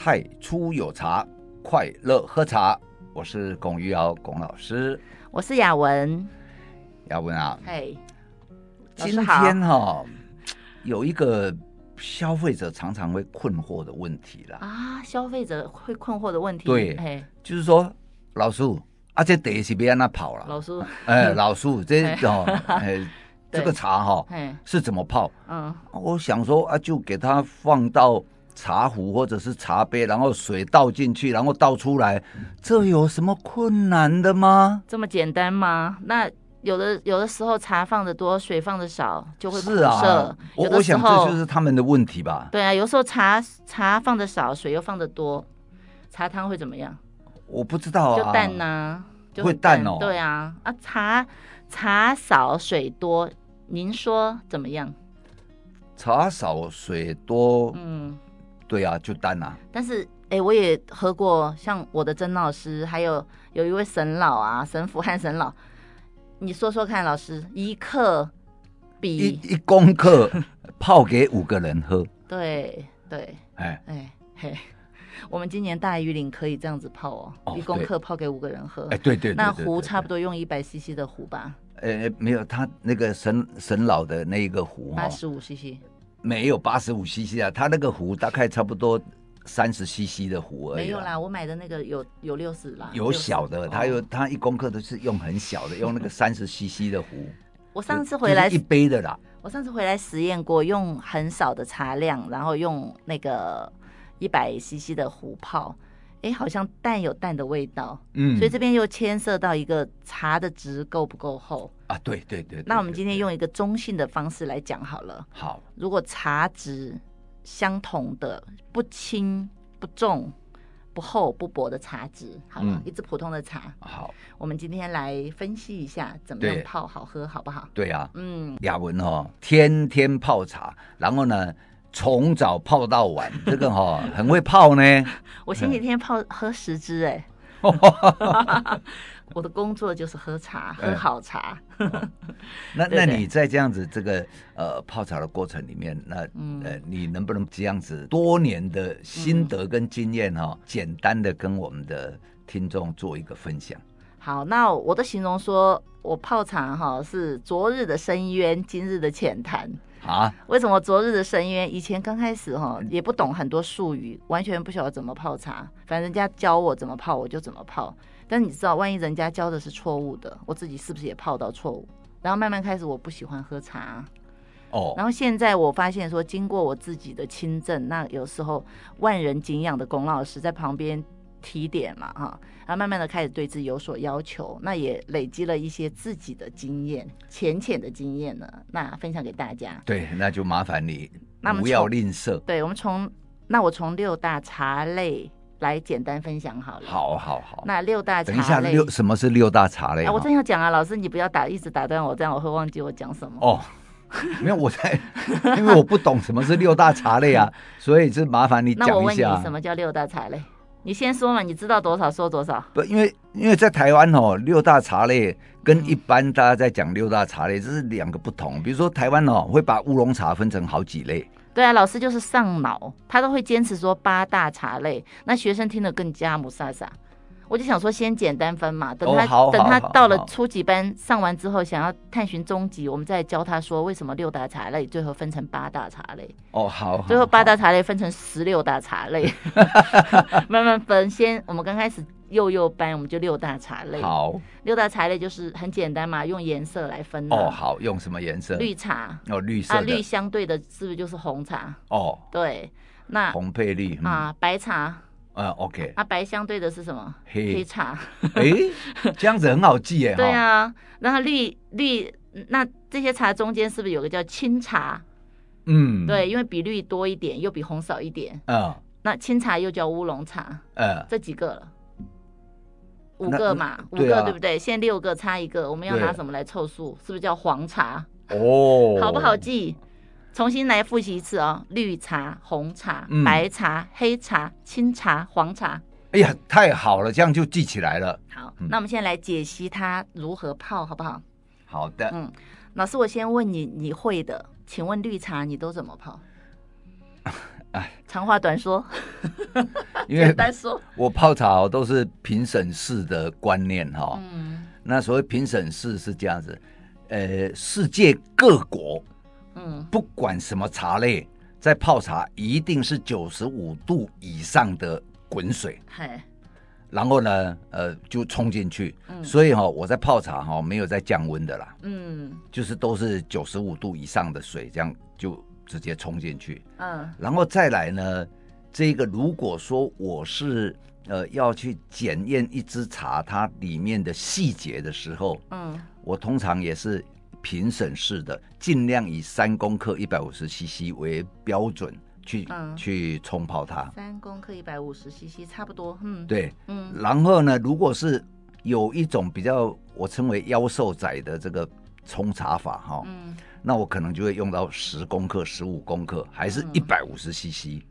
太初有茶，快樂喝茶。我是龔於堯，龔老師。我是雅文，雅文啊，嘿、hey,，今天哈、哦、有一個消費者常常會困惑的問題啦啊，消費者會困惑的問題，對，hey. 就是說，老師啊，這得是別讓它跑了，老師哎，老師，這、hey. 哦，哎， 這個茶哈、哦，hey. 是怎麼泡？嗯，我想說啊，就給他放到。茶壺或者是茶杯，然後水倒進去，然後倒出來，這有什麼困難的嗎？這麼簡單嗎？那有的有的時候茶放的多，水放的少就會苦澀。是啊。我有的時候我想這就是他們的問題吧。對啊，有時候茶茶放的少，水又放的多，茶湯會怎麼樣？我不知道啊。就淡吶、啊。會淡哦。對啊啊，茶茶少水多，您說怎麼樣？茶少水多。嗯。對啊，就淡吶、啊。但是，哎、欸，我也喝過，像我的曾老師，還有有一位沈老啊，沈福漢沈老，你說說看，老師一克比一,一公克泡給五個人喝，對 對，哎哎、欸欸、嘿，我們今年大禹嶺可以這樣子泡、喔、哦，一公克泡給五個人喝，哎、欸、對，對，對，對，對對，那壺差不多用一百 CC 的壺吧？哎、欸、沒有，他那個沈沈老的那一個壺八十五 CC。沒有，八十五 cc 啊，它那個壺大概差不多三十 cc 的壺而已。沒有啦，我買的那個有有六十啦。有小的，哦、他有他一公克都是用很小的，用那個三十 cc 的壺。我上次回來一杯的啦。我上次回來實驗過，用很少的茶量，然後用那個一百 cc 的壺泡，哎，好像淡有淡的味道。嗯。所以這邊又牽涉到一個茶的質夠不夠厚。啊、對對對，對，那我們今天用一個中性的方式來講好了。好，如果茶質相同的，不輕不重、不厚不薄的茶質，好、嗯，一支普通的茶。好，我們今天來分析一下怎麼樣泡好喝，好不好？對呀、啊，嗯，亞文哈、哦，天天泡茶，然後呢，從早泡到晚， 這個哈、哦、很會泡呢。我星期天泡 喝十支哎。 我的工作就是喝茶，嗯、喝好茶。哦、呵呵，那對對對，那你在這樣子這個呃泡茶的過程裡面，那、嗯、呃，你能不能這樣子多年的心得跟經驗哈、嗯哦，簡單的跟我們的聽眾做一個分享？好，那我的形容說，我泡茶哈、哦、是昨日的深淵，今日的淺談。啊？為什麼昨日的深淵？以前剛開始哈、哦、也不懂很多術語，完全不曉得怎麼泡茶，反正人家教我怎麼泡我就怎麼泡。但你知道，萬一人家教的是錯誤的，我自己是不是也泡到錯誤？然後慢慢開始我不喜歡喝茶，哦、oh.，然後現在我發現說，經過我自己的親證，那有時候萬人敬仰的龔老師在旁邊提點嘛，哈，然後慢慢的開始對自己有所要求，那也累積了一些自己的經驗，淺淺的經驗呢，那分享給大家。對，那就麻煩你那不要吝嗇。對，我們從那我從六大茶類。來簡單分享好了。好，好，好。那六大茶類，等一下，六，什麼是六大茶類？啊，我正要講啊，老師你不要打，一直打斷我這樣，我會忘記我講什麼。哦，沒有，我在， 因為我不懂什麼是六大茶類啊，所以是麻煩你講一下。那我問你，什麼叫六大茶類？你先說嘛，你知道多少說多少。不，因為因為在台灣哦，六大茶類跟一般大家在講六大茶類這是兩個不同。比如說台灣哦，會把烏龍茶分成好幾類。對啊，老師就是上腦，他都會堅持說八大茶類，那學生聽得更加霧煞煞，我就想說，先簡單分嘛，等他、oh, 等他到了初級班、oh, 上完之後，想要探尋終極，我們再教他說為什麼六大茶類最後分成八大茶類。哦、oh, oh, 好。最後八大茶類分成十六大茶類， 慢慢分。先我們剛開始。又又掰，我們就六大茶類。好，六大茶類就是很簡單嘛，用顏色來分。哦，好，用什麼顏色？綠茶。哦，綠色啊，綠相對的是不是就是紅茶？哦，對。那紅配綠、嗯、啊，白茶。啊、嗯，OK。啊，白相對的是什麼？黑茶。哎， 這樣子很好記耶。 對啊，然後綠綠，那這些茶中間是不是有個叫青茶？嗯，對，因為比綠多一點，又比紅少一點。嗯，那青茶又叫烏龍茶。呃、嗯，這幾個了。五個嘛、啊，五個對不對？現六個差一個，我們要拿什麼來湊數？是不是叫黃茶？哦， 好不好記？重新來複習一次哦，綠茶、紅茶、嗯、白茶、黑茶、青茶、黃茶。哎呀，太好了，這樣就記起來了。好，嗯、那我們現在來解析它如何泡，好不好？好的。嗯，老師，我先問你，你會的。請問綠茶你都怎麼泡？ 哎，長話短說，因為我泡茶都是評審式的觀念哈。嗯，那所謂評審式是這樣子，呃，世界各國，嗯，不管什麼茶類，在泡茶一定是九十五度以上的滾水。然後呢，呃，就衝進去。嗯。所以哈，哦，我在泡茶哈，沒有在降溫的啦。嗯。就是都是九十五度以上的水，這樣就。直接衝進去，嗯，然後再來呢，這個如果說我是呃要去檢驗一支茶它裡面的細節的時候，嗯，我通常也是評審式的，儘量以三公克一百五十 CC 為標準去、嗯、去沖泡它，三公克一百五十 CC 差不多，嗯，對，嗯，然後呢，如果是有一種比較我稱為“妖獸仔”的這個沖茶法哈。哦嗯那我可能就會用到十公克、十五公克，還是一百五十 CC，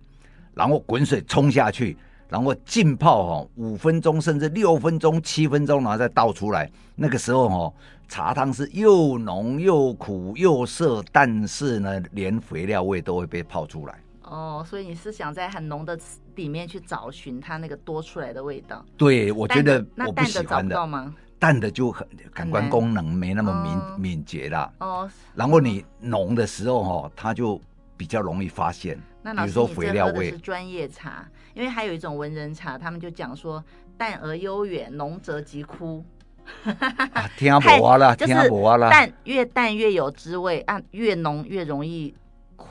然後滾水沖下去，然後浸泡哦，五分鐘，甚至六分鐘、七分鐘，然後再倒出來。那個時候哦，茶湯是又濃又苦又澀，但是呢，連肥料味都會被泡出來。哦，所以你是想在很濃的裡面去找尋它那個多出來的味道？對，我覺得淡的，那淡的找不到嗎？我不喜歡的。淡的就很感官功能沒那麼敏敏捷了哦，哦。然後你濃的時候哦，它就比較容易發現。你說肥料味的專業茶，因為還有一種文人茶，他們就講說，淡而悠遠，濃則即枯。 啊，天阿伯挖了，天阿伯挖了。淡、就是、越淡越有滋味啊，越濃越容易。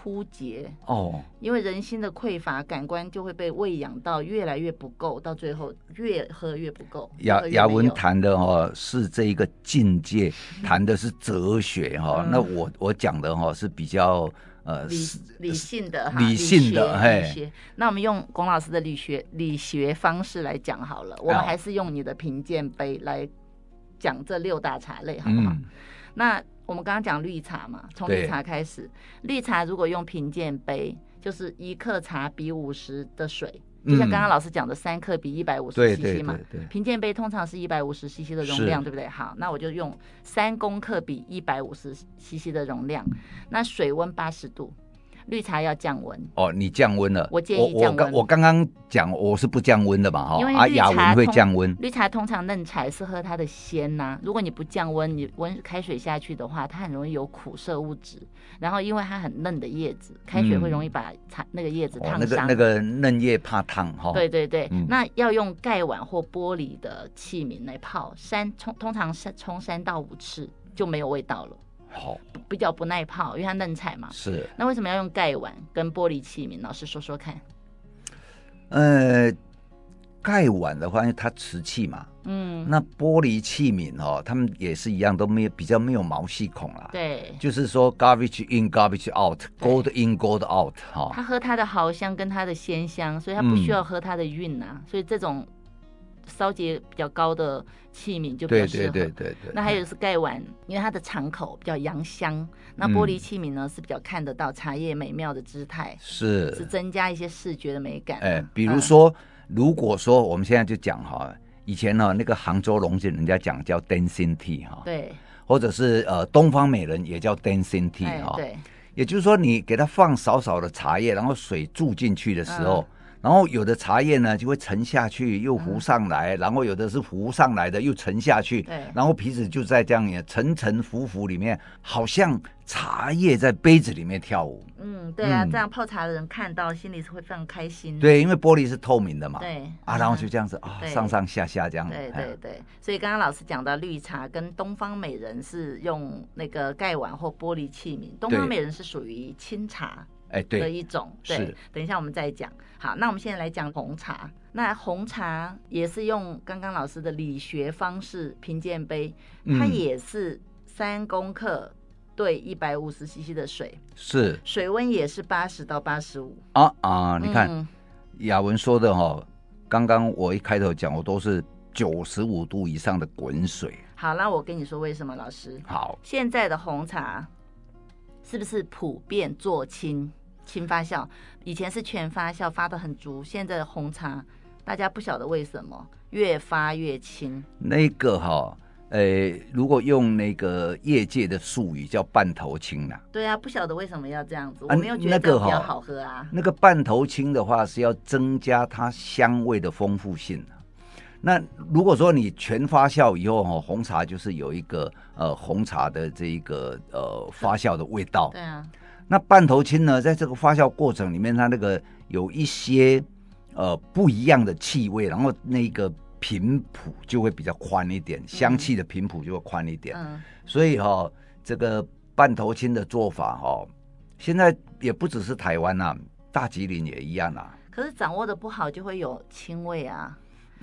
枯竭哦，因為人心的匱乏，感官就會被餵養到越來越不夠，到最後越喝越不夠。雅文談的哦，是這一個境界， 談的是哲學哈、哦。那我我講的哈是比較呃理理性的哈理性的理理嘿。那我們用龔老師的理學理學方式來講好了，我們還是用你的評鑑杯來講這六大茶類，好不好？嗯、那。我們剛剛講綠茶嘛，從綠茶開始。綠茶如果用品鑑杯，就是一克茶比五十的水，就像剛剛老師講的三克比一百五十 cc 嘛，嗯，對對對對。品鑑杯通常是一百五十 cc 的容量，對不對？好，那我就用三公克比一百五十 cc 的容量，那水溫八十度。綠茶要降溫哦，你降溫了。我建議我，我剛我剛剛講我是不降溫的嘛哈，因為綠茶、啊、雅文會降溫。綠茶通，綠茶通常嫩茶是喝它的鮮吶、啊，如果你不降溫，你溫開水下去的話，它很容易有苦澀物質。然後因為它很嫩的葉子，開水會容易把那個葉子燙傷。那個那個嫩葉怕燙哈、哦。對對對，嗯、那要用蓋碗或玻璃的器皿來泡，三沖通常三沖三到五次就沒有味道了。好，比較不耐泡，因為它嫩菜嘛。是，那為什麼要用蓋碗跟玻璃器皿？老師說說看。呃，蓋碗的話，因為它瓷器嘛。嗯。那玻璃器皿哦，它們也是一樣，都沒有比較沒有毛細孔啦。對。就是說，garbage in, garbage out, gold in, gold out、哦。哈。它喝它的毫香跟它的鮮香，所以它不需要喝它的韻吶、啊嗯。所以這種。燒結比較高的器皿就比較適合。對對，對對對，那還有是蓋碗，因為它的敞口比較揚香。那玻璃器皿呢、嗯、是比較看得到茶葉美妙的姿態，是是增加一些視覺的美感。哎、欸，比如說，嗯、如果說我們現在就講哈，以前呢那個杭州龍井人家講叫 dancing tea 哈，對，或者是呃東方美人也叫 dancing tea 哈、欸，對，也就是說你給它放少少的茶葉，然後水注進去的時候，嗯然後有的茶葉呢就會沉下去，又浮上來，嗯、然後有的是浮上來的又沉下去，嗯，然後杯子，就在這樣也沉沉浮、浮浮裡面，好像茶葉在杯子裡面跳舞。嗯，對啊，嗯、這樣泡茶的人看到心裡是會非常開心。對，因為玻璃是透明的嘛。對。啊，嗯、然後就這樣子啊，上上下下這樣。對對對。嗯、所以剛剛老師講到綠茶跟東方美人是用那個蓋碗或玻璃器皿，東方美人是屬於清茶。哎，對的一種對，等一下我們再講。好，那我們現在來講紅茶。那紅茶也是用剛剛老師的理學方式評鑑杯，嗯、它也是三公克兌一百五十 CC 的水，是。水溫也是八十到八十五。啊啊！你看，雅、嗯、文說的哈、哦，剛剛我一開頭講，我都是九十五度以上的滾水。好，那我跟你說為什麼，老師。好。現在的紅茶。是不是普遍做青，青發酵？以前是全發酵，發得很足。現在的紅茶，大家不曉得為什麼越發越青。那個哈、哦，誒、欸，如果用那個業界的術語叫半頭青啦、啊。對啊，不曉得為什麼要這樣子，啊、我沒有覺得比較好喝啊。那個、哦那個、半頭青的話，是要增加它香味的豐富性。那如果說你全發酵以後哈，紅茶就是有一個呃紅茶的這一個呃發酵的味道。對啊。那半頭青呢，在這個發酵過程裡面，它那個有一些呃不一樣的氣味，然後那個頻譜就會比較寬一點，嗯、香氣的頻譜就會寬一點。嗯、所以哈、哦，這個半頭青的做法哈、哦，現在也不只是台灣啊，大吉林也一樣啊。可是掌握得不好，就會有青味啊。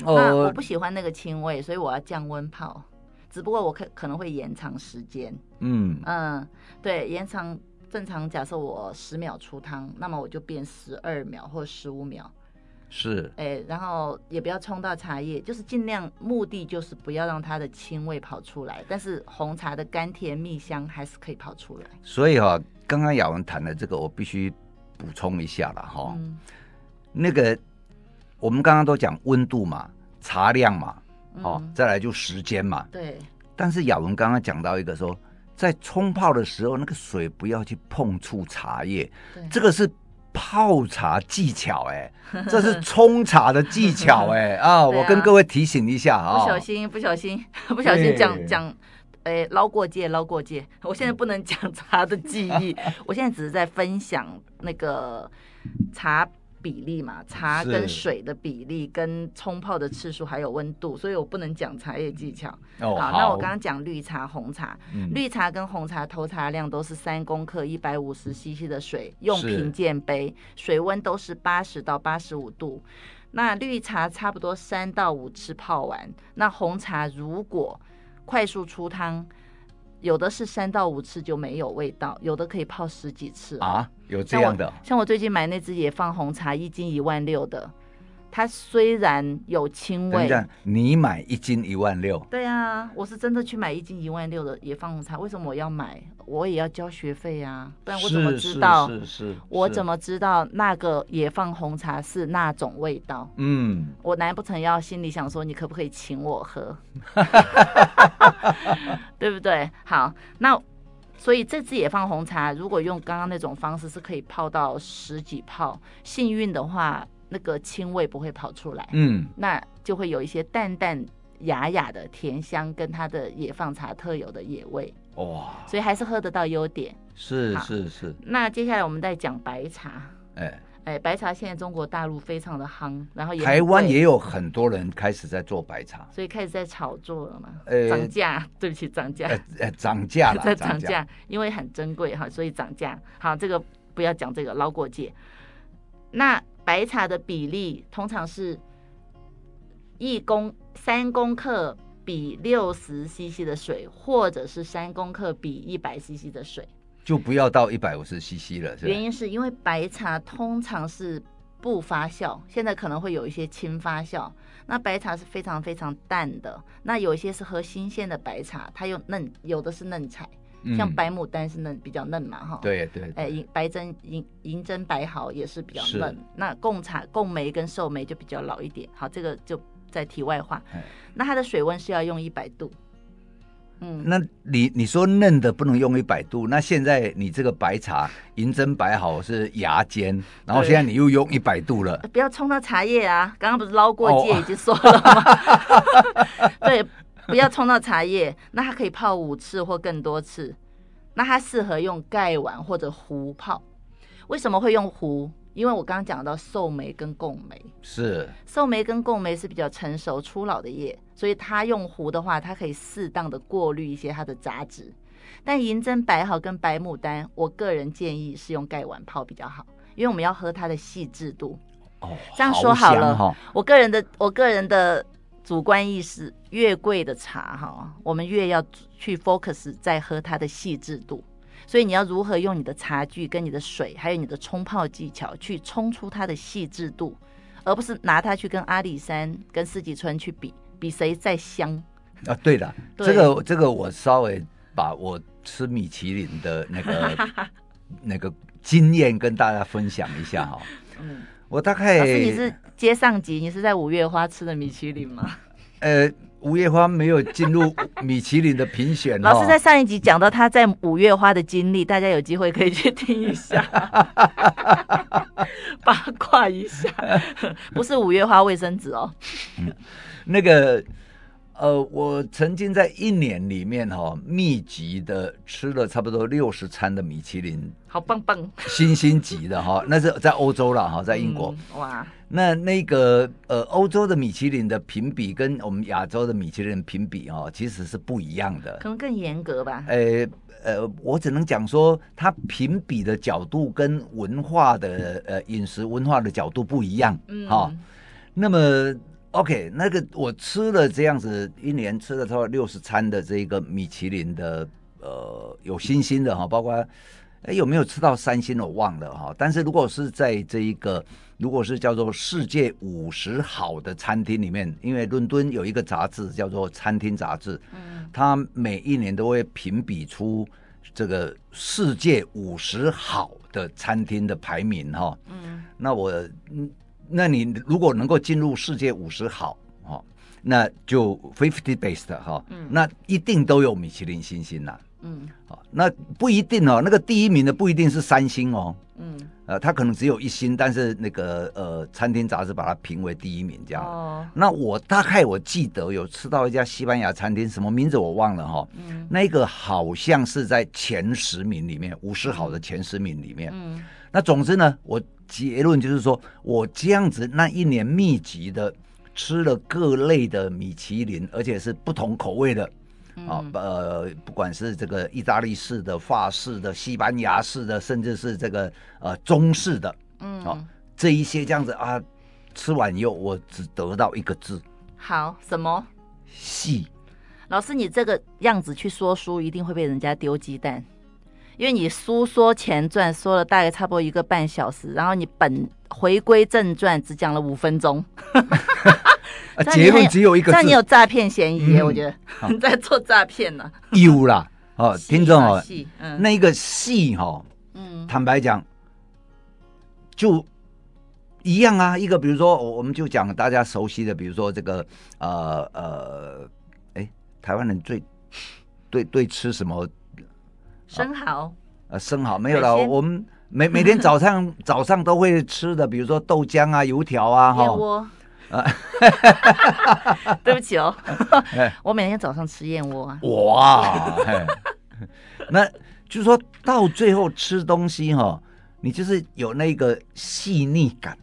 哦、那我不喜歡那個青味，所以我要降溫泡。只不過我可可能會延長時間。嗯嗯，對，延長正常，假設我十秒出湯，那麼我就變十二秒，或十五秒。是。哎，然後也不要沖到茶葉，就是盡量，目的就是不要讓它的青味跑出來，但是紅茶的甘甜蜜香還是可以跑出來。所以哈、哦，剛剛雅文談的這個我必須補充一下了哈、嗯哦，那個。我們剛剛都講溫度嘛，茶量嘛，嗯、哦，再來就時間嘛。對。但是雅文剛剛講到一個說，在沖泡的時候，那個水不要去碰觸茶葉，這個是泡茶技巧哎、欸，這是沖茶的技巧哎、欸、啊，啊！我跟各位提醒一下啊、哦，不小心、不小心、不小心講講，哎、欸，撈過界、撈過界。我現在不能講茶的記憶 我現在只是在分享那個茶。比例嘛，茶跟水的比例，跟沖泡的次數還有溫度，所以我不能講茶葉技巧、哦好。好，那我剛剛講綠茶、紅茶、嗯，綠茶跟紅茶投茶量都是三公克，一百五十 CC 的水，用品鑑杯，水溫都是八十到八十五度。那綠茶差不多三到五次泡完，那紅茶如果快速出湯，有的是三到五次就沒有味道，有的可以泡十幾次啊！有這樣的，像我最近買那只野放紅茶，一斤一萬六的。它雖然有青味，但你買一斤一萬六？對啊，我是真的去買一斤一萬六的野放紅茶。為什麼我要買？我也要交學費啊！不然我怎麼知道？是是，是，是我怎麼知道那個野放紅茶是那種味道？嗯，我難不成要心裡想說，你可不可以請我喝？ 對不對？好，那所以這支野放紅茶，如果用剛剛那種方式，是可以泡到十幾泡，幸運的話。那個青味不會跑出來，嗯，那就會有一些淡淡雅雅的甜香，跟它的野放茶特有的野味，哇，所以還是喝得到優點。是是是。那接下來我們再講白茶，哎、欸、哎、欸，白茶現在中國大陸非常的夯，然後也台灣也有很多人開始在做白茶，所以開始在炒作了嘛，呃、欸，漲價，對不起，漲價，漲價了，欸，在漲價 因為很珍貴哈，所以漲價。好，這個不要講這個撈過界，那。白茶的比例通常是，一公三公克比六十 CC 的水，或者是三公克比一百 CC 的水，就不要到一百五十 CC 了。原因是因為白茶通常是不發酵，現在可能會有一些輕發酵。那白茶是非常非常淡的，那有些是喝新鮮的白茶，它又嫩，有的是嫩採。像白牡丹是嫩、嗯、比較嫩嘛哈，對對，對，哎、欸、銀白針銀銀針白毫也是比較嫩，那貢茶貢眉跟壽眉就比較老一點。好，這個就再題外話。那它的水溫是要用一百度，嗯，那你你說嫩的不能用一百度，那現在你這個白茶銀針白毫是芽尖，然後現在你又用一百度了，不要沖到茶葉啊！剛剛不是撈過界已經說了嗎？哦、 對。 不要沖到茶葉，那它可以泡五次或更多次。那它適合用蓋碗或者壺泡。為什麼會用壺？因為我剛剛講到壽眉跟貢眉是壽眉跟貢眉是比較成熟粗老的葉，所以它用壺的話，它可以適當的過濾一些它的雜質。但銀針白毫跟白牡丹，我個人建議是用蓋碗泡比較好，因為我們要喝它的細緻度。哦，哦這樣說好了，我個人的我個人的。主觀意識越貴的茶，哈，我們越要去 focus 在喝它的細緻度。所以你要如何用你的茶具，跟你的水，還有你的沖泡技巧，去沖出它的細緻度，而不是拿它去跟阿里山、跟四季春去比，比誰再香。啊，對的，這個這個我稍微把我吃米其林的那個 那個經驗跟大家分享一下哈。 嗯。我大概老師，你是接上集，你是在五月花吃的米其林嗎？呃，五月花沒有進入米其林的評選哦。 老師在上一集講到他在五月花的經歷，大家有機會可以去聽一下， 八卦一下， 不是五月花衛生紙哦。嗯，那個。呃，我曾經在一年裡面哈、哦，密集的吃了差不多六十餐的米其林，好棒棒，新星級的哈、哦， 那是在歐洲了哈，在英國、嗯。哇，那那個呃，歐洲的米其林的評比跟我們亞洲的米其林評比、哦、其實是不一樣的，可能更嚴格吧。呃、欸、呃，我只能講說，它評比的角度跟文化的 呃飲食文化的角度不一樣，嗯哈、哦，那麼。OK，那個我吃了這樣子一年吃了超過六十餐的這一個米其林的呃有星星的哈，包括哎有沒有吃到三星我忘了哈。但是如果是在這一個如果是叫做世界五十好的餐廳裡面，因為倫敦有一個雜誌叫做《餐廳雜誌》，嗯，它每一年都會評比出這個世界五十好的餐廳的排名哈，嗯，那我嗯。那你如果能夠進入世界五十好、哦、那就 fifty best 哈，那一定都有米其林星星了、啊。嗯、哦，那不一定哦，那個第一名的不一定是三星哦。他、嗯呃、可能只有一星，但是那個呃，餐廳雜誌把它評為第一名這樣。哦，那我大概我記得有吃到一家西班牙餐廳，什麼名字我忘了哈、哦嗯。那個好像是在前十名裡面，五十好的前十名裡面。嗯。嗯那總之呢，我結論就是說，我這樣子那一年密集的吃了各類的米其林，而且是不同口味的，嗯、啊，呃，不管是這個意大利式的、法式的、西班牙式的，甚至是這個呃中式的、啊，嗯，這一些這樣子啊，吃完以後，我只得到一個字，好，什麼？細。老師，你這個樣子去說書，一定會被人家丟雞蛋。因為你書說前傳說了大概差不多一個半小時，然後你本回歸正傳只講了五分鐘， 結論只有一個字。但、 嗯、 你有詐騙嫌疑，我覺得你在做詐騙呢。有 啦，哦、啊，聽眾哦，啊嗯、那一個戲哈、哦嗯，坦白講就一樣啊。一個比如說，我們就講大家熟悉的，比如說這個呃呃，哎、呃，台灣人最對對，對吃什麼？生蠔、啊，生蠔沒有了。我們每每天早上 早上都會吃的，比如說豆漿啊、油條啊，哈。燕窩、啊， 對不起哦。 我每天早上吃燕窩啊。哇， 那就是說到最後吃東西哈、哦，你就是有那個細膩感。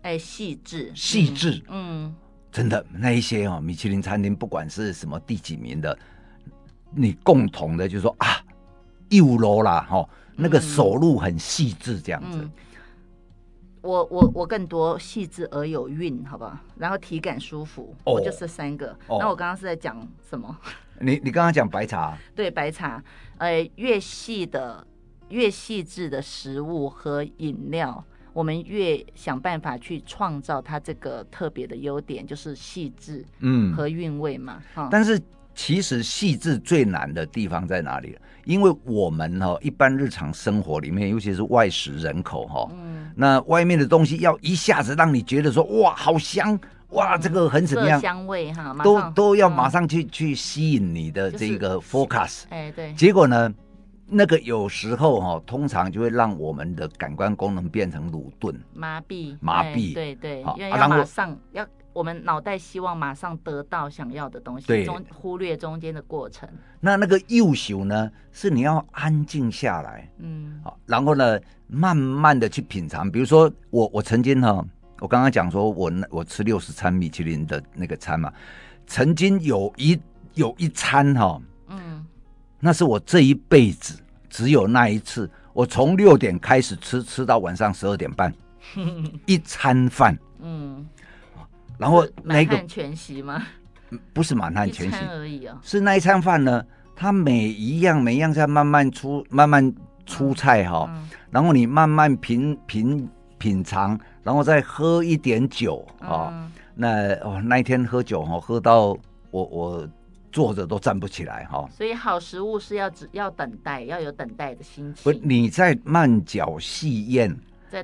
哎、欸，細緻。細緻、嗯，嗯，真的，那一些哦，米其林餐廳不管是什麼第幾名的，你共同的就是說啊。一五樓啦，哈、哦，那個手路很細緻，這樣子。嗯嗯、我我我更多細緻而有韻，好吧？然後體感舒服，哦、我就這三個。哦、那我剛剛是在講什麼？你你剛剛講白茶？對，白茶。呃，越細的、越細緻的食物和飲料，我們越想辦法去創造它這個特別的優點，就是細緻，嗯，和韻味嘛。但是。其實細緻最難的地方在哪裡？因為我們哈、哦、一般日常生活裡面，尤其是外食人口哈、哦嗯，那外面的東西要一下子讓你覺得說哇，好香，哇、嗯、這個很什麼樣，香味哈、啊，都都要馬上去、哦、去吸引你的這個 focus、就是。哎，對。結果呢，那個有時候哈、哦，通常就會讓我們的感官功能變成魯鈍，麻痹，麻痹，哎、對對，哦、因為，然後馬上、啊、要。我們腦袋希望馬上得到想要的東西，中忽略中間的過程。那那個幼秀呢？是你要安靜下來，嗯，好，然後呢，慢慢的去品嘗。比如說我，我我曾經哈，我剛剛講說我我吃六十餐米其林的那個餐嘛，曾經有一有一餐哈，嗯，那是我這一輩子只有那一次，我從六點開始吃，吃到晚上十二點半， 一餐飯，嗯。然後那個滿漢全席嗎？不是滿漢全席、哦、是那一餐飯呢，它每一樣每一樣在慢慢出慢慢出菜哈、嗯，然後你慢慢品品品嘗，然後再喝一點酒啊、嗯哦。那哦那一天喝酒哈，喝到我我坐着都站不起來哈、哦。所以好食物是要只要等待，要有等待的心情。不，你在慢嚼細咽。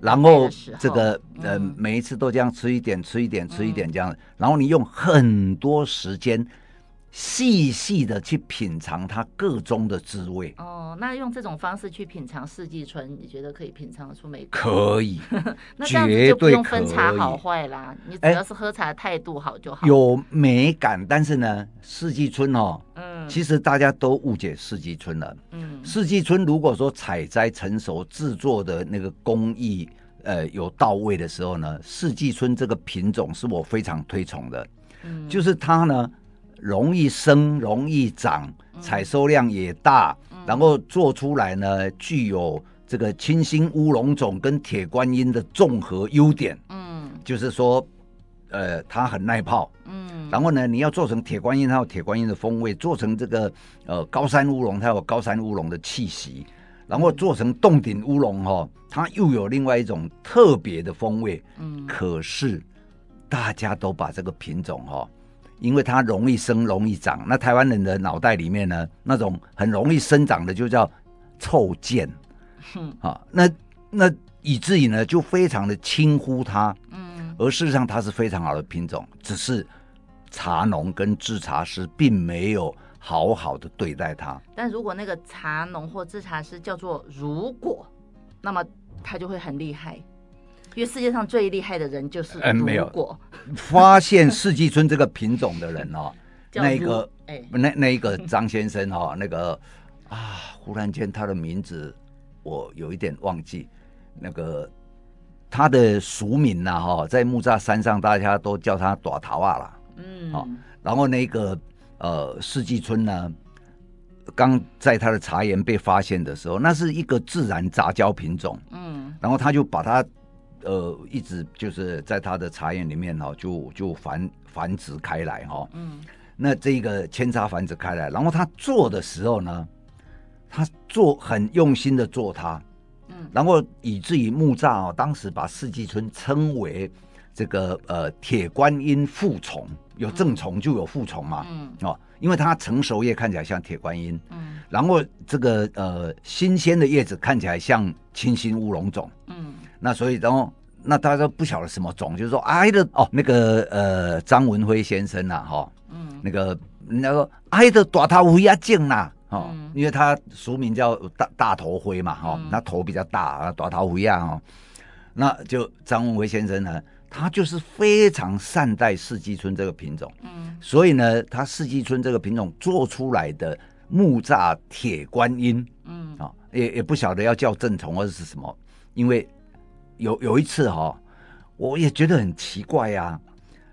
然後這個呃、嗯，每一次都這樣吃一點，吃一點，吃一點這樣。嗯、然後你用很多時間細細的去品嚐它個中的滋味。哦，那用這種方式去品嚐四季春，你覺得可以品嚐得出美感？可以， 那這樣子就不用分茶好壞啦。你只要是喝茶態度好就好、欸。有美感，但是呢，四季春哦。嗯其實大家都誤解四季春了。嗯，四季春如果說採摘成熟、製作的那個工藝，呃，有到位的時候呢，四季春這個品種是我非常推崇的。嗯，就是它呢，容易生、容易長，採收量也大，嗯，然後做出來呢，具有這個清新烏龍種跟鐵觀音的綜合優點。嗯，就是說。呃，它很耐泡，嗯，然後呢，你要做成鐵觀音，它有鐵觀音的風味；做成這個呃高山烏龍，它有高山烏龍的氣息；然後做成洞頂烏龍，哦，它又有另外一種特別的風味。嗯，可是大家都把這個品種，哦，因為它容易生，容易長。那臺灣人的腦袋裡面呢，那種很容易生長的，就叫臭賤，哼、嗯，啊，那那以至於呢，就非常的輕忽它。而事實上，它是非常好的品種，只是茶農跟製茶師並沒有好好的對待它。但如果那個茶農或製茶師叫做“如果”，那麼他就會很厲害，因為世界上最厲害的人就是“如果”呃沒。發現四季春這個品種的人哦、喔 欸，那一個，哎，那那一個張先生哦、喔，那個啊，忽然間他的名字我有一點忘記，那個。他的俗名呢？哈，在木柵山上，大家都叫他朵桃啊。了。嗯，好。然後那個呃，四季春呢，剛在他的茶園被發現的時候，那是一個自然雜交品種。嗯。然後他就把它呃，一直就是在他的茶園裡面哈、啊，就就繁繁殖開來哈、哦。嗯。那這個扦插繁殖開來，然後他做的時候呢，他做很用心的做它。然後以至於木柵啊、哦，當時把四季春稱為這個呃鐵觀音副欉，有正欉就有副欉嘛、嗯，哦，因為它成熟葉看起來像鐵觀音，嗯、然後這個呃新鮮的葉子看起來像清心烏龍種，嗯，那所以然後、哦、那大家都不曉得什麼種，就是說挨着哦，那個哦、那個、呃張文輝先生吶、啊、哈、哦，嗯，那個人家說挨着大頭烏鴉精吶。哦、嗯，因為他俗名叫大大頭輝嘛，哈、哦，那、嗯、頭比較大，大頭輝一樣啊，哦，那就張文輝先生呢，他就是非常善待四季春這個品種，嗯，所以呢，他四季春這個品種做出來的木柵鐵觀音，嗯，啊、哦，也也不曉得要叫正宗或者是什麼，因為有有一次哈、哦，我也覺得很奇怪呀、啊，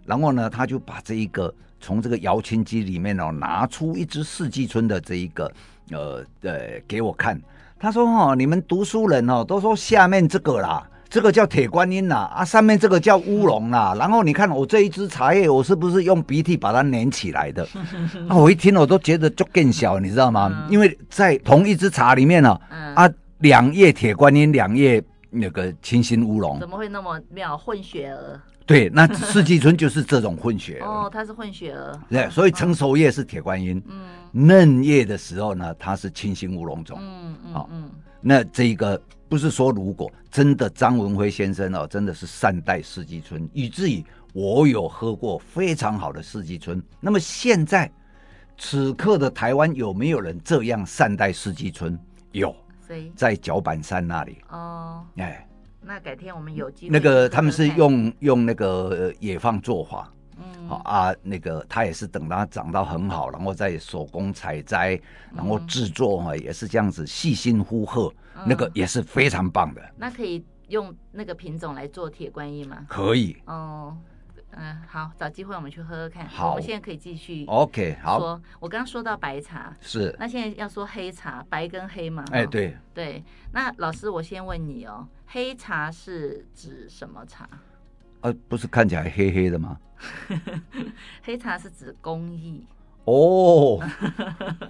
然後呢，他就把這一個。從這個搖青機裡面哦，拿出一支四季春的這一個呃對給我看，他說、哦、你們讀書人哦，都說下面這個啦，這個叫鐵觀音啦，啊，上面這個叫烏龍啦，然後你看我這一支茶葉，我是不是用鼻涕把它粘起來的？ 啊、我一聽我都覺得就更小，你知道嗎？因為在同一支茶裡面呢、啊，啊，兩葉鐵觀音，兩葉。那個青心烏龍怎麼會那麼妙？混血兒對，那四季春就是這種混血哦，它是混血兒對，所以成熟葉是鐵觀音，嫩葉的時候呢，它是青心烏龍種。嗯嗯，好、嗯，那這個不是說如果真的張文輝先生哦、喔，真的是善待四季春，以至於我有喝過非常好的四季春。那麼現在此刻的台灣有沒有人這樣善待四季春？有。在角板山那裡哦，哎、yeah，那改天我們有機，會有機會，那個他們是用用那個野放做法，啊、嗯、啊，那個他也是等它長到很好，然後再手工採摘，然後製作哈、啊嗯，也是這樣子細心呵護。喝、嗯、那個也是非常棒的。那可以用那個品種來做鐵觀音嗎？可以哦。嗯，好，找機會我們去喝喝看。好，我們現在可以繼續。OK，好。說，我剛剛說到白茶，是。那現在要說黑茶，白跟黑嘛。哎、欸，對。對，那老師，我先問你哦、喔，黑茶是指什麼茶？呃、啊，不是看起來黑黑的嗎？ 黑茶是指工藝。哦、oh。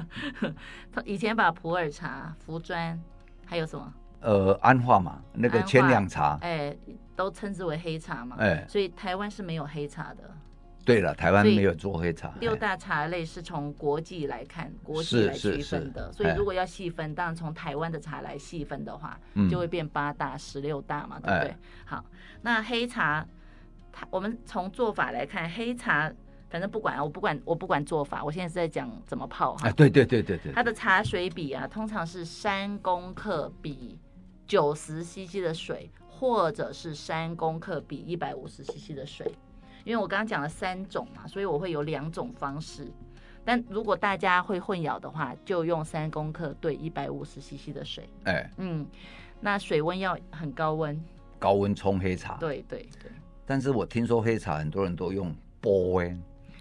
以前把普洱茶、茯磚，還有什麼？呃，安化嘛，那個千兩茶。哎。欸都稱之為黑茶嘛。哎、欸，所以台灣是沒有黑茶的。對了，台灣沒有做黑茶。六大茶類是從國際來看，欸、國際來區分的，是是是。所以如果要細分、欸，當然從台灣的茶來細分的話、嗯，就會變八大、十六大嘛，對不對？欸、好，那黑茶，我們從做法來看，黑茶反正不管，我不管，我不管做法，我現在是在講怎麼泡。哈，欸、對對對對對，對。它的茶水比啊，通常是三公克比九十 CC 的水。或者是三公克比一百五十 CC 的水，因為我剛剛講了三種嘛，所以我會有兩種方式。但如果大家會混淆的話，就用三公克兌一百五十 CC 的水。哎、欸，嗯，那水溫要很高溫，高溫沖黑茶。對對對。但是我聽說黑茶很多人都用煲，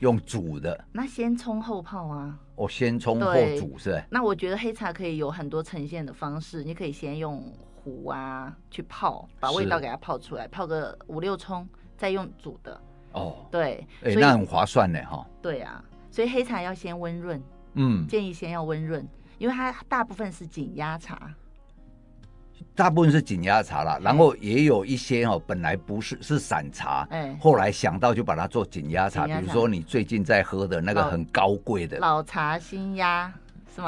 用煮的。那先沖後泡啊？哦，先沖後煮是，是。那我覺得黑茶可以有很多呈現的方式，你可以先用，壺啊，去泡，把味道給它泡出來，泡個五六沖，再用煮的。哦，對，欸、那很划算呢，哈。對啊，所以黑茶要先溫潤。嗯，建議先要溫潤，因為它大部分是緊壓茶，大部分是緊壓茶啦。然後也有一些哦、喔欸，本來不是是散茶、欸，後來想到就把它做緊壓茶，茶，比如說你最近在喝的那個很高貴的老，老茶新壓。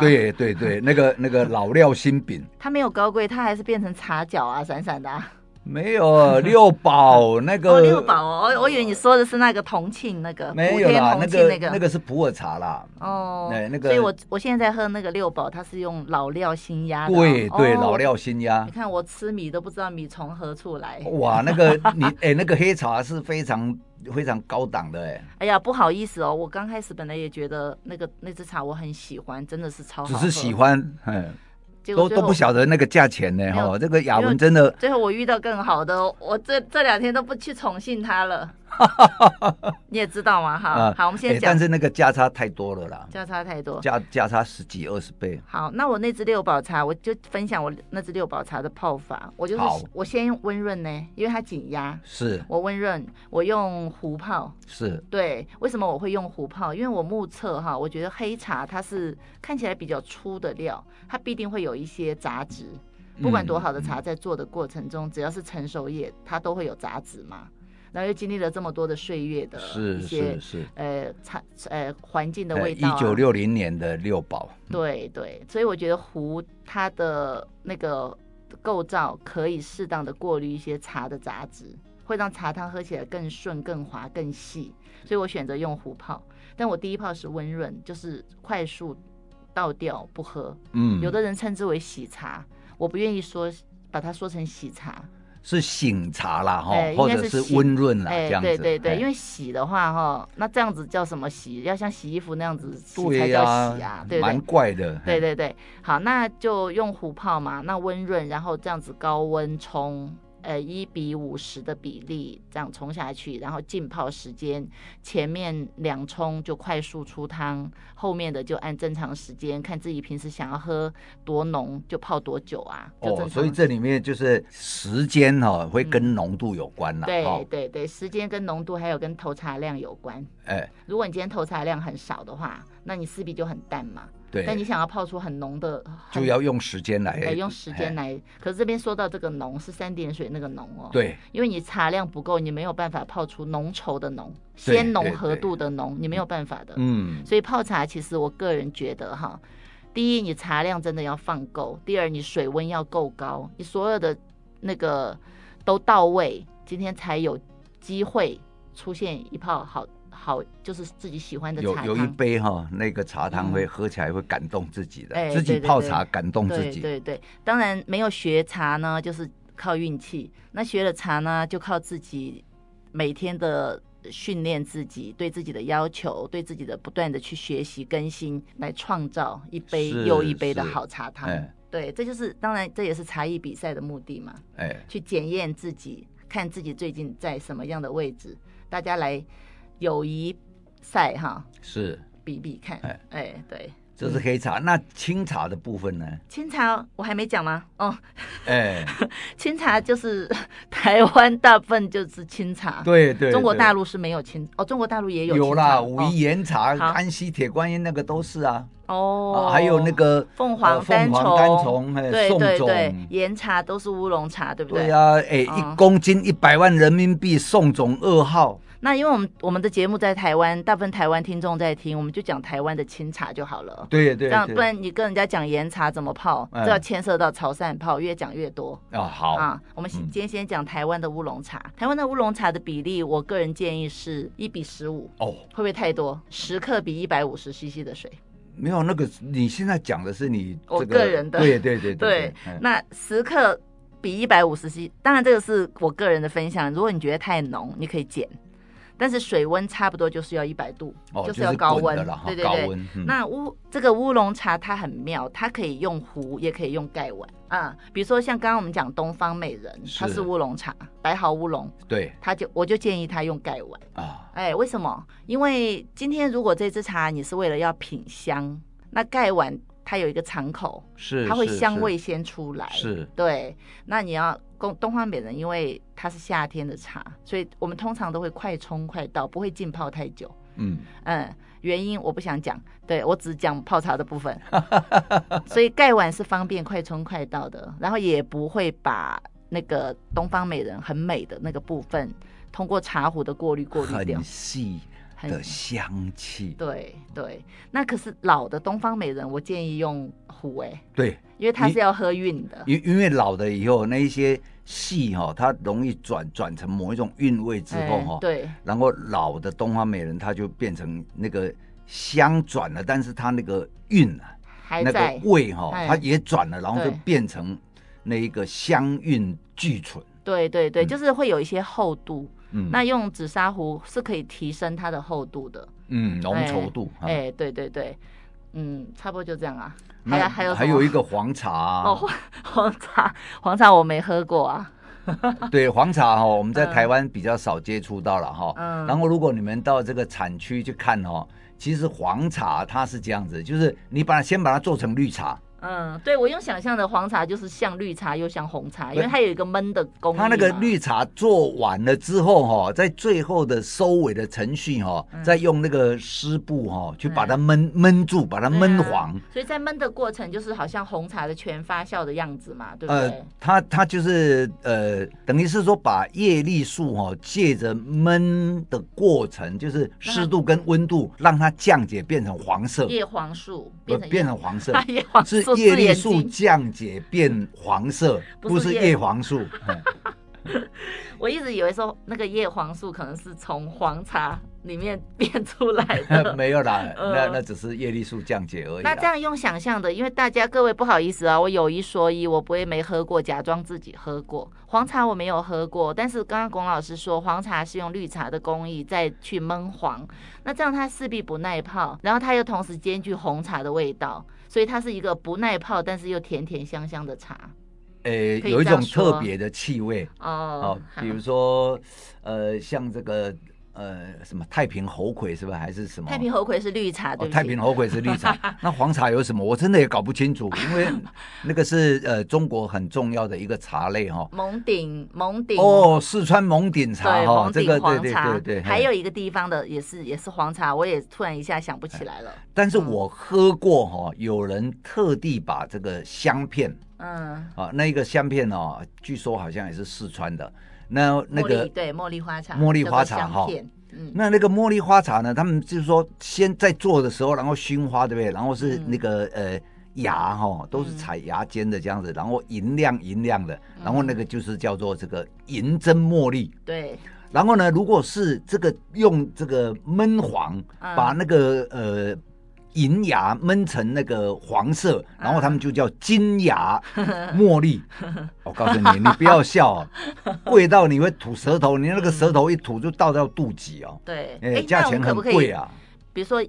對對對，那個那個老料新餅，它 沒有高貴，它還是變成茶腳啊，閃閃的、啊。沒有六寶 那個。哦、六寶哦，我以為你說的是那個同慶、那個哦、那個。沒有啦，那個那個是普洱茶啦。哦，哎、嗯，那個。所以我我現在在喝那個六寶，它是用老料新壓的、啊。對對、哦，老料新壓。你看我吃米都不知道米從何處來。哇，那個你哎、欸，那個黑茶是非常。非常高檔的哎！哎呀，不好意思哦，我剛開始本來也覺得那個那只茶我很喜歡，真的是超好，只是喜歡，嗯，都都不曉得那個價錢呢、欸、哈。這個雅文真的，最後我遇到更好的，我這這兩天都不去寵幸他了。 你也知道嘛，哈、嗯，好，我們先講、欸。但是那個價差太多了啦，價差太多，價價差十幾二十倍。好，那我那支六堡茶，我就分享我那支六堡茶的泡法。我就是我先溫潤呢，因為它緊壓。是。我溫潤，我用壺泡。是。對，為什麼我會用壺泡？因為我目測哈，我覺得黑茶它是看起來比較粗的料，它必定會有一些雜質。不管多好的茶，在做的過程中，嗯、只要是成熟葉，它都會有雜質嘛。然後又經歷了這麼多的歲月的一些是，是，是呃茶呃環境的味道、啊。一九六零年的六堡、嗯、對對，所以我覺得壺它的那個構造可以適當的過濾一些茶的雜質，會讓茶湯喝起來更順、更滑、更細。所以我選擇用壺泡，但我第一泡是溫潤，就是快速倒掉不喝。嗯，有的人稱之為洗茶，我不願意說把它說成洗茶。是醒茶啦，哈，或者是溫潤啦，這樣子。對對對，對、哎，因為洗的話，哈，那這樣子叫什麼洗？要像洗衣服那樣子洗才叫洗啊，對啊，對不對？蠻怪的、哎。對對對，好，那就用壺泡嘛，那溫潤，然後這樣子高溫沖。呃，一比五十的比例這樣沖下去，然後浸泡時間，前面兩沖就快速出湯，後面的就按正常時間，看自己平時想要喝多濃就泡多久啊。就正常哦，所以這裡面就是時間哈、啊，會跟濃度有關吶、啊嗯。對對對，對，時間跟濃度還有跟投茶量有關。哎，如果你今天投茶量很少的話，那你勢必就很淡嘛。但你想要泡出很濃的，就要用時間來，對，用時間來。可是這邊說到這個濃是三點水那個濃哦，對，因為你茶量不夠，你沒有辦法泡出濃稠的濃，鮮濃合度的濃，對對對，你沒有辦法的。嗯，所以泡茶其實我個人覺得哈，第一你茶量真的要放夠，第二你水溫要夠高，你所有的那個都到位，今天才有機會出現一泡好。好，就是自己喜歡的茶，有，有一杯哈，那個茶湯會、嗯、喝起來會感動自己的、哎對對對，自己泡茶感動自己。對對對，當然沒有學茶呢，就是靠運氣；那學了茶呢，就靠自己每天的訓練自己，對自己的要求，對自己的不斷的去學習更新，來創造一杯又一杯的好茶湯。哎、對，這就是當然，這也是茶藝比賽的目的嘛。哎，去檢驗自己，看自己最近在什麼樣的位置。大家來。友誼賽哈，是比比看哎，哎、欸、對，這是黑茶、嗯。那清茶的部分呢？清茶我還沒講嗎？哦，哎、欸，清茶就是台灣大部分就是清茶。對對、對，中國大陸是沒有清對對對，哦，中國大陸也有清茶。有啦，武夷岩茶、哦、安溪鐵觀音那個都是啊。哦，啊、還有那個鳳凰鳳、呃、凰單叢、宋種岩茶都是烏龍茶，對不對？對呀、啊，哎、欸嗯，一公斤一百萬人民幣，宋種二號。那因為我們我們的節目在台灣，大部分台灣聽眾在聽，我們就講台灣的清茶就好了。對對，對，這樣不然你跟人家講岩茶怎麼泡，就、嗯、要牽涉到潮汕泡，越講越多。哦好啊，我們今天先講台灣的烏龍茶、嗯。台灣的烏龍茶的比例，我個人建議是一比十五。哦，會不會太多？十克比一百五十 CC 的水。沒有那個，你現在講的是你、這個、我個人的。對對，對對對。對嗯、那十克比一百五十 CC，當然這個是我個人的分享。如果你覺得太濃，你可以減。但是水溫差不多就是要一百度，哦，就是要高溫，就是，對對對。嗯、那烏這個烏龍茶它很妙，它可以用壺，也可以用蓋碗啊。比如說像剛剛我們講東方美人，它是烏龍茶，白毫烏龍，對，它就我就建議它用蓋碗啊。哎、欸，為什麼？因為今天如果這支茶你是為了要品香，那蓋碗它有一個敞口，是，是，它會香味先出來，是，是對。那你要公東方美人，因為它是夏天的茶，所以我們通常都會快沖快倒，不會浸泡太久。嗯嗯，原因我不想講，對，我只講泡茶的部分。 所以蓋碗是方便快沖快倒的，然後也不會把那個東方美人很美的那個部分通過茶壺的過濾過濾掉。很細的香氣。對對，那可是老的東方美人，我建議用壺誒、欸。對。因為它是要喝韻的，因因為老的以後那一些細哈，它容易轉轉成某一種韻味之後哈、欸，對，然後老的東方美人，它就變成那個香轉了，但是它那個韻啊，還在，那個味哈，它也轉了、欸，然後就變成那一個香韻俱存。對對對，就是會有一些厚度，嗯，那用紫砂壺是可以提升它的厚度的，嗯，濃稠度，哎、欸欸，對對對。嗯，差不多就這樣啊。還、嗯、還有還有一個黃茶、啊、哦黃，黃茶，黃茶我沒喝過啊。 對，黃茶哈、哦，我們在台灣比較少接觸到了哈。嗯。然後如果你們到這個產區去看哦、嗯，其實黃茶它是這樣子，就是你把它先把它做成綠茶。嗯，對，我用想象的黃茶就是像綠茶又像紅茶，因為它有一個悶的工藝。它那個綠茶做完了之後哈、哦，在最後的收尾的程序哈、哦嗯，再用那個濕布哈、哦、去把它悶燜、嗯、住，把它悶黃、嗯啊。所以在悶的過程就是好像紅茶的全發酵的樣子嘛，對不對？呃，它它就是呃，等於是說把葉綠素哈、哦，借着悶的過程，就是濕度跟溫度讓它降解變成黃色，葉黃素變成變成黃色，是。葉綠素降解變黃色，不是葉黃素。 我一直以為說那個葉黃素可能是從黃茶裡面變出來的。 沒有啦，呃、那那只是葉綠素降解而已。那這樣用想象的，因為大家各位不好意思啊，我有一說一，我不會沒喝過，假裝自己喝過黃茶，我沒有喝過。但是剛剛龔老師說黃茶是用綠茶的工藝再去悶黃，那這樣它勢必不耐泡，然後它又同時兼具紅茶的味道。所以它是一個不耐泡，但是又甜甜香香的茶，欸、有一種特別的氣味哦。好，比如說，呃，像這個。呃，什麼太平猴魁是吧？還是什麼？太平猴魁是綠茶，對。太平猴魁是綠茶，哦、綠茶 那黃茶有什麼？我真的也搞不清楚，因為那個是呃中國很重要的一個茶類哈、哦。蒙頂，蒙頂哦，四川蒙頂茶哦，這個黃茶，對對對對，對，對。還有一個地方的也是也是黃茶，我也突然一下想不起來了。但是我喝過哈、哦嗯，有人特地把這個香片，嗯，啊、哦，那一個香片哦，據說好像也是四川的。那那個茉，對，茉莉花茶，茉莉花茶哈、這個香片哦嗯，那那個茉莉花茶呢？他們就是說，先在做的時候，然後燻花，對不對？然後是那個、嗯、呃芽哈，都是採芽尖的這樣子，嗯、然後銀亮銀亮的，然後那個就是叫做這個銀針茉莉。對、嗯。然後呢，如果是這個用這個燜黃、嗯，把那個呃。銀芽悶成那個黃色，然後他們就叫金芽茉莉。啊、我告訴你，你不要笑、哦，味 道你會吐舌頭，你那個舌頭一吐就倒到，到肚臍哦。對，哎、欸，價、欸欸、錢很貴啊，可不可以。比如說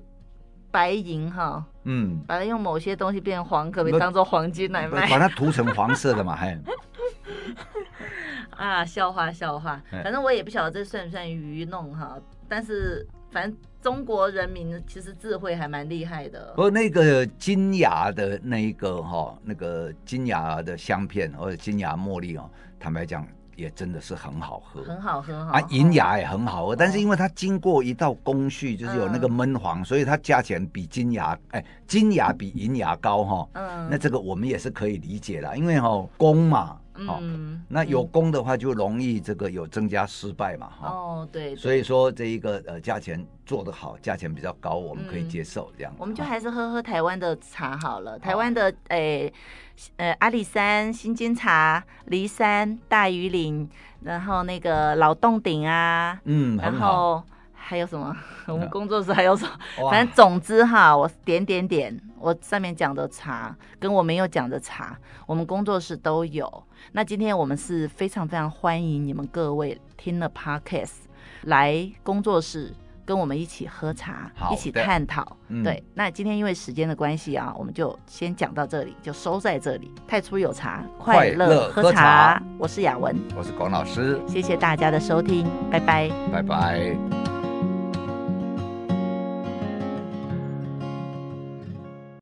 白銀哈，嗯，把它用某些東西變成黃，可不可以當做黃金來賣，把它塗成黃色的嘛。 嘿啊，笑話笑話，反正我也不曉得這算不算愚弄哈，但是反正。中國人民其實智慧還蠻厲害的。不過那個金芽的那一個哈、哦，那個金芽的香片，或者金芽茉莉哦，坦白講也真的是很好喝，很好，很好喝。啊，銀芽也很好喝、哦，但是因為它經過一道工序，就是有那個悶黃，嗯、所以它價錢比金芽，哎，金芽比銀芽高哈、哦。嗯，那這個我們也是可以理解的，因為哈、哦、工嘛。哦、嗯，那有功的話就容易這個有增加失敗嘛，哈、嗯。哦，對，對。所以說，這一個呃價錢做得好，價錢比較高，我們可以接受這樣。我們就還是喝喝台灣的茶好了，好台灣的誒、欸，呃阿里山、新尖茶、梨山、大禹嶺，然後那個老凍頂啊，嗯，然後。還有什麼？我們工作室還有什麼？反正總之哈，我點點點，我上面講的茶，跟我沒有講的茶，我們工作室都有。那今天我們是非常非常歡迎你們各位聽了 podcast 來工作室跟我們一起喝茶，一起探討、嗯。對，那今天因為時間的關係啊，我們就先講到這裡，就收在這裡。太初有茶，快樂喝，喝茶。我是雅文，我是龔老師，謝謝大家的收聽，拜拜，拜拜。